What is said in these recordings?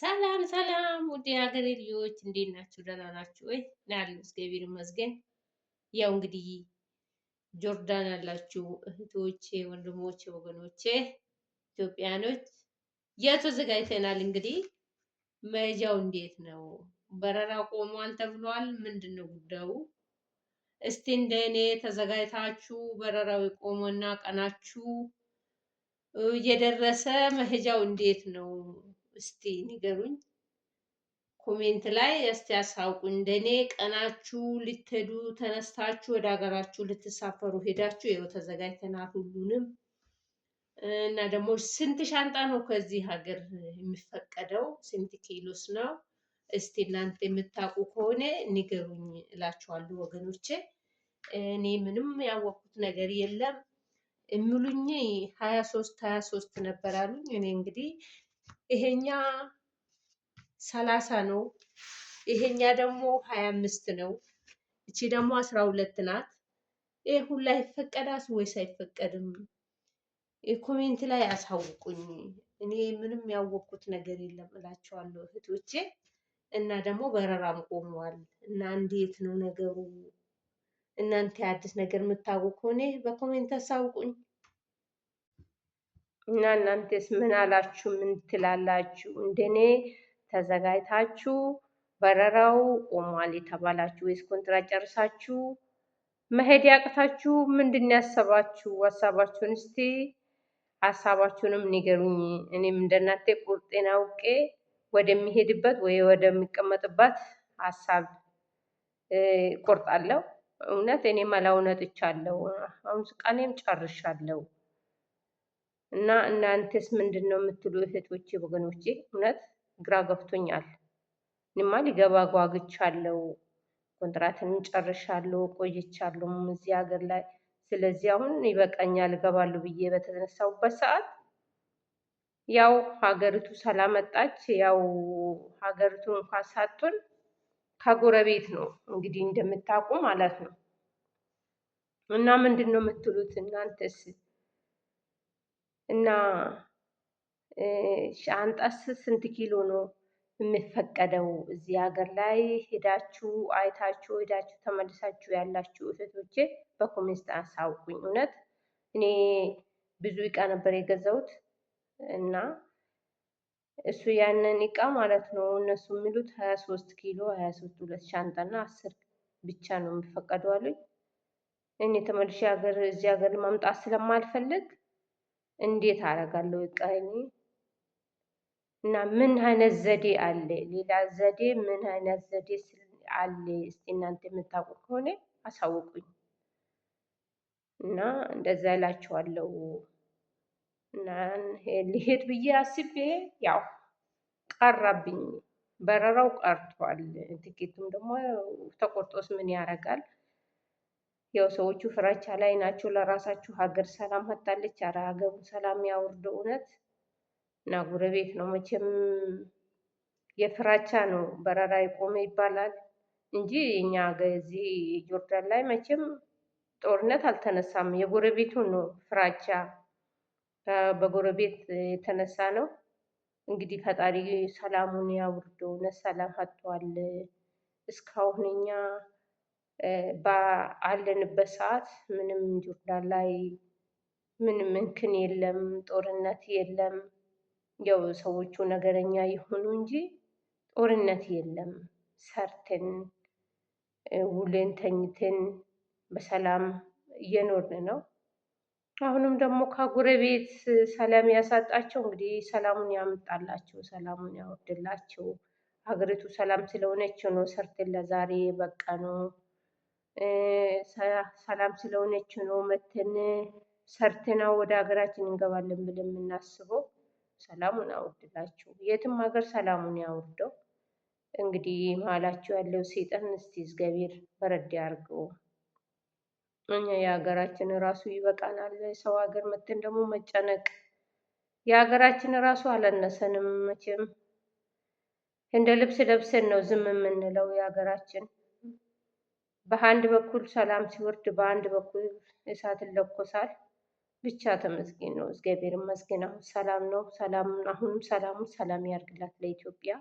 ሰላም ሰላም ውድ የሀገሬ ልጆች እንዴት ናችሁ? ደህና ናችሁ ወይ? ናያሉ እግዚአብሔር ይመስገን። ያው እንግዲህ ጆርዳን ያላችሁ እህቶቼ፣ ወንድሞቼ፣ ወገኖቼ ኢትዮጵያኖች የተዘጋጅተናል። እንግዲህ መሄጃው እንዴት ነው? በረራ ቆሟል ተብሏል። ምንድን ነው ጉዳዩ? እስቲ እንደኔ ተዘጋጅታችሁ በረራው የቆመና ቀናችሁ የደረሰ መሄጃው እንዴት ነው እስቲ ንገሩኝ ኮሜንት ላይ እስቲ ያሳውቁኝ። እንደኔ ቀናችሁ ልትሄዱ ተነስታችሁ ወደ ሀገራችሁ ልትሳፈሩ ሄዳችሁ ይኸው ተዘጋጅተናል ሁሉንም እና ደግሞ ስንት ሻንጣ ነው ከዚህ ሀገር የሚፈቀደው? ስንት ኪሎስ ነው? እስቲ እናንተ የምታውቁ ከሆነ ንገሩኝ እላችኋለሁ ወገኖቼ። እኔ ምንም ያወቅኩት ነገር የለም። የሚሉኝ ሀያ ሶስት ሀያ ሶስት ነበር አሉኝ። እኔ እንግዲህ ይሄኛ ሰላሳ ነው። ይሄኛ ደግሞ ሀያ አምስት ነው። እቺ ደግሞ አስራ ሁለት ናት። ይህ ሁላ ይፈቀዳል ወይስ አይፈቀድም? የኮሜንት ላይ አሳውቁኝ። እኔ ምንም ያወቅኩት ነገር የለም እላቸዋለሁ እህቶቼ። እና ደግሞ በረራም ቆመዋል እና እንዴት ነው ነገሩ? እናንተ አዲስ ነገር የምታውቁ ከሆነ በኮሜንት አሳውቁኝ። እና እናንተስ ምን አላችሁ? ምን ትላላችሁ? እንደኔ ተዘጋጅታችሁ በረራው ቆሟል የተባላችሁ ወይስ ኮንትራት ጨርሳችሁ መሄድ ያቅታችሁ ምንድን ያሰባችሁ? ሀሳባችሁን እስቲ ሀሳባችሁንም ንገሩኝ። እኔም እንደናንተ ቁርጤን አውቄ ወደሚሄድበት ወይ ወደሚቀመጥበት ሀሳብ ቆርጣለሁ። እውነት እኔ እኔም አላውነጥቻለሁ። አሁን ስቃኔም ጨርሻለሁ። እና እናንተስ ምንድን ነው የምትሉ እህቶቼ ወገኖቼ፣ እውነት ግራ ገብቶኛል። እኔማ ሊገባ ጓግቻለሁ፣ ኮንትራትን ጨርሻለሁ፣ ቆይቻለሁ እዚህ ሀገር ላይ። ስለዚህ አሁን ይበቃኛል እገባለሁ ብዬ በተነሳሁበት ሰዓት ያው ሀገሪቱ ስላመጣች ያው ሀገሪቱ እንኳን ሳትሆን ከጎረቤት ነው እንግዲህ እንደምታውቁ ማለት ነው። እና ምንድን ነው የምትሉት እናንተስ? እና ሻንጣስ ስንት ኪሎ ነው የሚፈቀደው? እዚህ ሀገር ላይ ሄዳችሁ አይታችሁ ሄዳችሁ ተመልሳችሁ ያላችሁ እህቶቼ በኮሜንት አሳውቁኝ። እውነት እኔ ብዙ እቃ ነበር የገዛሁት እና እሱ ያንን እቃ ማለት ነው እነሱ የሚሉት ሀያ ሶስት ኪሎ ሀያ ሶስት ሁለት ሻንጣና አስር ብቻ ነው የሚፈቀደው አሉኝ። እኔ ተመልሼ ሀገር እዚህ ሀገር ማምጣት ስለማልፈልግ እንዴት አደርጋለሁ እቃዬን እና ምን አይነት ዘዴ አለ? ሌላ ዘዴ ምን አይነት ዘዴ አለ? እስቲ እናንተ የምታውቁ ከሆነ አሳውቁኝ እና እንደዛ ይላችኋለሁ። እና ልሄድ ብዬ አስቤ ያው ቀረብኝ፣ በረራው ቀርቷል። ትኬቱም ደግሞ ተቆርጦስ ምን ያደርጋል? ያው ሰዎቹ ፍራቻ ላይ ናቸው። ለራሳችሁ ሀገር ሰላም መጣለች። አረ ሀገሩ ሰላም ያውርደው። እውነት እና ጎረቤት ነው መቼም የፍራቻ ነው በረራ የቆመ ይባላል እንጂ እኛ እዚህ ጆርዳን ላይ መቼም ጦርነት አልተነሳም። የጎረቤቱ ነው ፍራቻ በጎረቤት የተነሳ ነው። እንግዲህ ፈጣሪ ሰላሙን ያውርደው። ሰላም ፈጥቷል እስካሁን እኛ በአለንበት ሰዓት ምንም ጆርዳን ላይ ምንም እንክን የለም፣ ጦርነት የለም። ያው ሰዎቹ ነገረኛ የሆኑ እንጂ ጦርነት የለም። ሰርተን ውለን ተኝተን በሰላም እየኖርን ነው። አሁንም ደግሞ ከጎረቤት ሰላም ያሳጣቸው እንግዲህ ሰላሙን ያምጣላቸው፣ ሰላሙን ያወርድላቸው። ሀገሪቱ ሰላም ስለሆነች ነው ሰርተን ለዛሬ በቃ ነው። ሰላም ስለሆነች ነው መተን ሰርተናው ወደ ሀገራችን እንገባለን ብለን የምናስበው። ሰላሙን አውርድላችሁ፣ የትም ሀገር ሰላሙን ያውርደው። እንግዲህ መሀላችሁ ያለው ሴጠን እስቲ እግዚአብሔር በረድ ያድርገው። እኛ የሀገራችን ራሱ ይበቃናል። ሰው ሀገር መተን ደግሞ መጨነቅ የሀገራችን ራሱ አላነሰንም መቼም። እንደ ልብስ ለብሰን ነው ዝም የምንለው የሀገራችን በአንድ በኩል ሰላም ሲወርድ፣ በአንድ በኩል እሳት ይለኮሳል። ብቻ ተመስገን ነው። እግዚአብሔር ይመስገን። አሁን ሰላም ነው። ሰላም አሁንም ሰላሙ ሰላም ያርግላት ለኢትዮጵያ።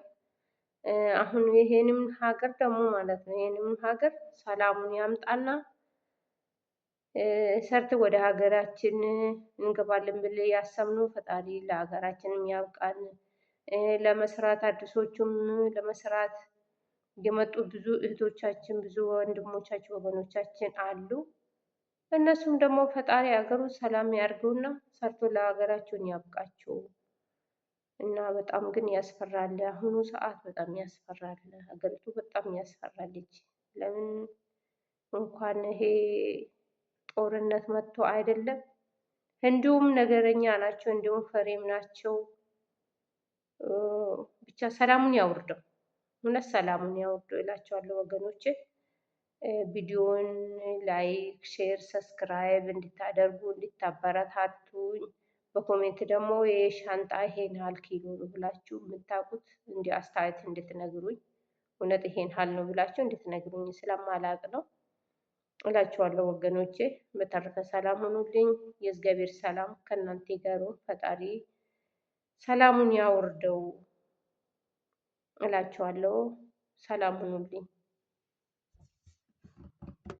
አሁን ይሄንም ሀገር ደግሞ ማለት ነው ይሄንም ሀገር ሰላሙን ያምጣና ሰርት ወደ ሀገራችን እንገባለን ብል ያሰምኑ ፈጣሪ ለሀገራችንም ያብቃን። ለመስራት አዲሶቹም ለመስራት የመጡ ብዙ እህቶቻችን ብዙ ወንድሞቻችን ወገኖቻችን አሉ። እነሱም ደግሞ ፈጣሪ ሀገሩ ሰላም ያርገውና ሰርቶ ለሀገራቸውን ያብቃቸው እና በጣም ግን ያስፈራል። አሁኑ ሰዓት በጣም ያስፈራል። ሀገሪቱ በጣም ያስፈራለች። ለምን እንኳን ይሄ ጦርነት መጥቶ አይደለም እንዲሁም ነገረኛ ናቸው፣ እንዲሁም ፈሬም ናቸው። ብቻ ሰላሙን ያውርደው። እውነት ሰላሙን ያወርዱ እላቸዋለሁ ወገኖች። ቪዲዮን ላይክ፣ ሼር፣ ሰብስክራይብ እንድታደርጉ እንድታበረታቱኝ፣ በኮሜንት ደግሞ የሻንጣ ይሄን ሀል ኪሎ ነው ብላችሁ የምታውቁት እንዲ አስተያየት እንድትነግሩኝ፣ እውነት ይሄን ሀል ነው ብላችሁ እንድትነግሩኝ ስለማላቅ ነው እላችኋለሁ ወገኖቼ። በተረፈ ሰላም ሁኑልኝ። የእግዚአብሔር ሰላም ከእናንተ ጋር ፈጣሪ ሰላሙን ያውርደው። እላችኋለሁ። ሰላም ሁኑልኝ።